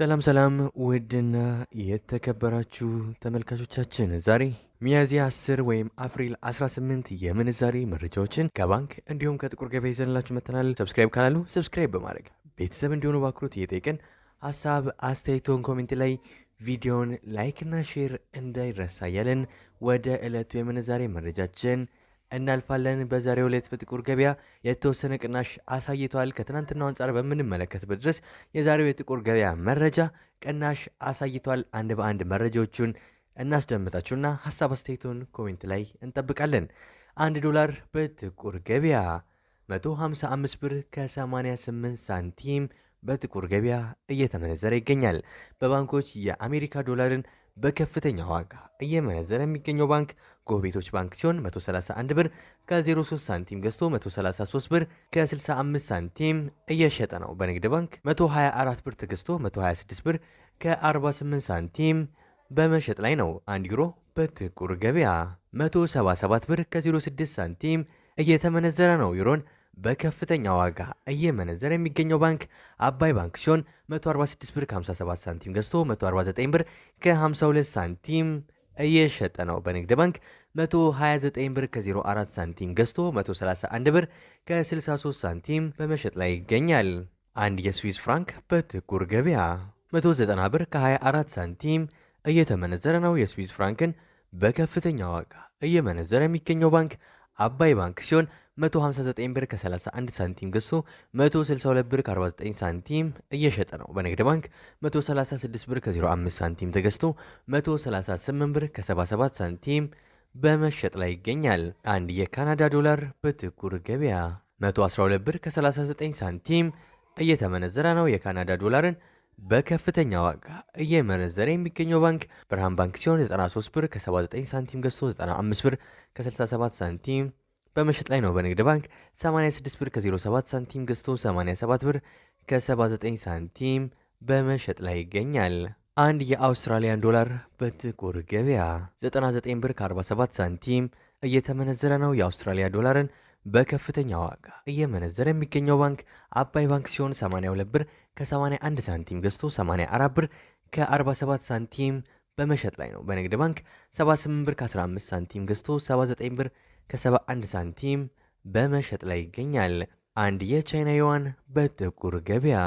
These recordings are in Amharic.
ሰላም ሰላም ውድና የተከበራችሁ ተመልካቾቻችን ዛሬ ሚያዚ 10 ወይም አፕሪል 18 የምንዛሬ መረጃዎችን ከባንክ እንዲሁም ከጥቁር ገበያ ይዘንላችሁ መተናል። ሰብስክራይብ ካላሉ ሰብስክራይብ በማድረግ ቤተሰብ እንዲሆኑ በአክብሮት እየጠየቅን ሀሳብ አስተያየቶን ኮሜንት ላይ ቪዲዮን ላይክና ሼር እንዳይረሳ እያልን ወደ ዕለቱ የምንዛሬ መረጃችን እናልፋለን። በዛሬው ዕለት በጥቁር ገበያ የተወሰነ ቅናሽ አሳይቷል። ከትናንትናው አንጻር በምንመለከትበት ድረስ የዛሬው የጥቁር ገበያ መረጃ ቅናሽ አሳይቷል። አንድ በአንድ መረጃዎቹን እናስደምጣችሁና ሀሳብ አስተያየቱን ኮሜንት ላይ እንጠብቃለን። አንድ ዶላር በጥቁር ገበያ 155 ብር ከ88 ሳንቲም በጥቁር ገበያ እየተመነዘረ ይገኛል። በባንኮች የአሜሪካ ዶላርን በከፍተኛ ዋጋ እየመነዘረ የሚገኘው ባንክ ጎህ ቤቶች ባንክ ሲሆን 131 ብር ከ03 ሳንቲም ገዝቶ 133 ብር ከ65 ሳንቲም እየሸጠ ነው። በንግድ ባንክ 124 ብር ተገዝቶ 126 ብር ከ48 ሳንቲም በመሸጥ ላይ ነው። አንድ ዩሮ በጥቁር ገበያ 177 ብር ከ06 ሳንቲም እየተመነዘረ ነው። ዩሮን በከፍተኛ ዋጋ እየመነዘረ የሚገኘው ባንክ አባይ ባንክ ሲሆን 146 ብር 57 ሳንቲም ገዝቶ 149 ብር ከ52 ሳንቲም እየሸጠ ነው። በንግድ ባንክ 129 ብር ከ04 ሳንቲም ገዝቶ 131 ብር ከ63 ሳንቲም በመሸጥ ላይ ይገኛል። አንድ የስዊስ ፍራንክ በጥቁር ገበያ 190 ብር ከ24 ሳንቲም እየተመነዘረ ነው። የስዊስ ፍራንክን በከፍተኛ ዋጋ እየመነዘረ የሚገኘው ባንክ አባይ ባንክ ሲሆን 159 ብር ከ31 ሳንቲም ገዝቶ 162 ብር ከ49 ሳንቲም እየሸጠ ነው። በንግድ ባንክ 136 ብር ከ05 ሳንቲም ተገዝቶ 138 ብር ከ77 ሳንቲም በመሸጥ ላይ ይገኛል። አንድ የካናዳ ዶላር በጥቁር ገበያ 112 ብር ከ39 ሳንቲም እየተመነዘረ ነው። የካናዳ ዶላርን በከፍተኛ ዋጋ እየመነዘረ የሚገኘው ባንክ ብርሃን ባንክ ሲሆን 93 ብር ከ79 ሳንቲም ገዝቶ 95 ብር ከ67 ሳንቲም በመሸጥ ላይ ነው በንግድ ባንክ 86 ብር ከ07 ሳንቲም ገዝቶ 87 ብር ከ79 ሳንቲም በመሸጥ ላይ ይገኛል። አንድ የአውስትራሊያን ዶላር በጥቁር ገበያ 99 ብር ከ47 ሳንቲም እየተመነዘረ ነው። የአውስትራሊያ ዶላርን በከፍተኛ ዋጋ እየመነዘረ የሚገኘው ባንክ አባይ ባንክ ሲሆን 82 ብር ከ81 ሳንቲም ገዝቶ 84 ብር ከ47 ሳንቲም በመሸጥ ላይ ነው። በንግድ ባንክ 78 ብር ከ15 ሳንቲም ገዝቶ 79 ብር ከ71 ሳንቲም በመሸጥ ላይ ይገኛል። አንድ የቻይና ዩዋን በጥቁር ገበያ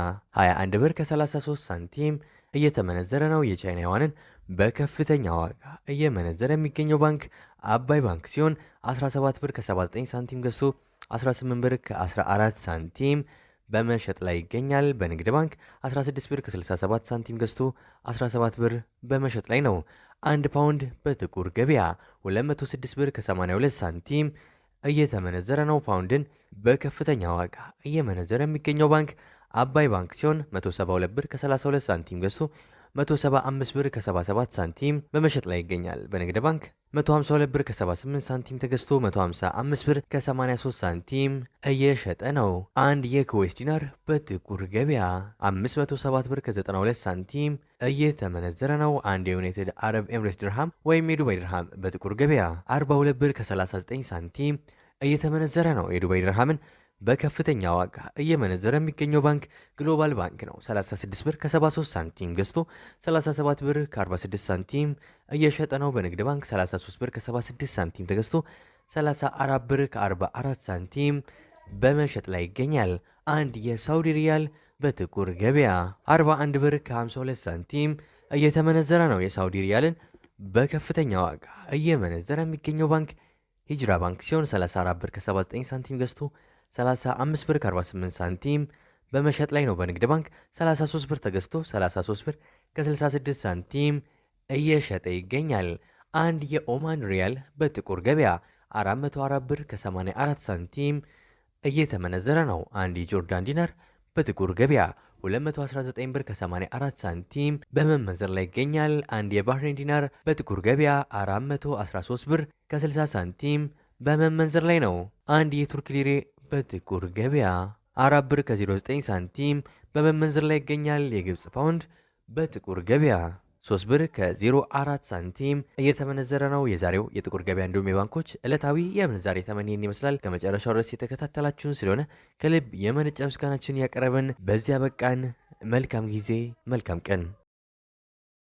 21 ብር ከ33 ሳንቲም እየተመነዘረ ነው። የቻይና ዩዋንን በከፍተኛ ዋጋ እየመነዘረ የሚገኘው ባንክ አባይ ባንክ ሲሆን 17 ብር ከ79 ሳንቲም ገዝቶ 18 ብር ከ14 ሳንቲም በመሸጥ ላይ ይገኛል። በንግድ ባንክ 16 ብር ከ67 ሳንቲም ገዝቶ 17 ብር በመሸጥ ላይ ነው። አንድ ፓውንድ በጥቁር ገበያ 206 ብር ከ82 ሳንቲም እየተመነዘረ ነው። ፓውንድን በከፍተኛ ዋጋ እየመነዘረ የሚገኘው ባንክ አባይ ባንክ ሲሆን 172 ብር ከ32 ሳንቲም ገዝቶ 175 ብር ከ77 ሳንቲም በመሸጥ ላይ ይገኛል። በንግድ ባንክ 152 ብር ከ78 ሳንቲም ተገዝቶ 155 ብር ከ83 ሳንቲም እየሸጠ ነው። አንድ የኩዌስ ዲናር በጥቁር ገበያ 507 ብር ከ92 ሳንቲም እየተመነዘረ ነው። አንድ የዩናይትድ አረብ ኤምሬት ድርሃም ወይም የዱባይ ድርሃም በጥቁር ገበያ 42 ብር ከ39 ሳንቲም እየተመነዘረ ነው። የዱባይ ድርሃምን በከፍተኛ ዋጋ እየመነዘረ የሚገኘው ባንክ ግሎባል ባንክ ነው። 36 ብር ከ73 ሳንቲም ገዝቶ 37 ብር ከ46 ሳንቲም እየሸጠ ነው። በንግድ ባንክ 33 ብር ከ76 ሳንቲም ተገዝቶ 34 ብር ከ44 ሳንቲም በመሸጥ ላይ ይገኛል። አንድ የሳውዲ ሪያል በጥቁር ገበያ 41 ብር ከ52 ሳንቲም እየተመነዘረ ነው። የሳውዲ ሪያልን በከፍተኛ ዋጋ እየመነዘረ የሚገኘው ባንክ ሂጅራ ባንክ ሲሆን 34 ብር ከ79 ሳንቲም ገዝቶ 35 ብር 48 ሳንቲም በመሸጥ ላይ ነው። በንግድ ባንክ 33 ብር ተገዝቶ 33 ብር ከ66 ሳንቲም እየሸጠ ይገኛል። አንድ የኦማን ሪያል በጥቁር ገበያ 404 ብር ከ84 ሳንቲም እየተመነዘረ ነው። አንድ የጆርዳን ዲናር በጥቁር ገበያ 219 ብር ከ84 ሳንቲም በመመንዘር ላይ ይገኛል። አንድ የባህሬን ዲናር በጥቁር ገበያ 413 ብር ከ60 ሳንቲም በመመንዘር ላይ ነው። አንድ የቱርክ ሊሬ በጥቁር ገበያ 4 ብር ከ09 ሳንቲም በመመንዘር ላይ ይገኛል። የግብፅ ፓውንድ በጥቁር ገበያ 3 ብር ከ04 ሳንቲም እየተመነዘረ ነው። የዛሬው የጥቁር ገበያ እንዲሁም የባንኮች ዕለታዊ የምንዛሬ ተመን ይመስላል። ከመጨረሻው ድረስ የተከታተላችሁን ስለሆነ ከልብ የመነጨ ምስጋናችን ያቀረብን በዚያ በቃን። መልካም ጊዜ፣ መልካም ቀን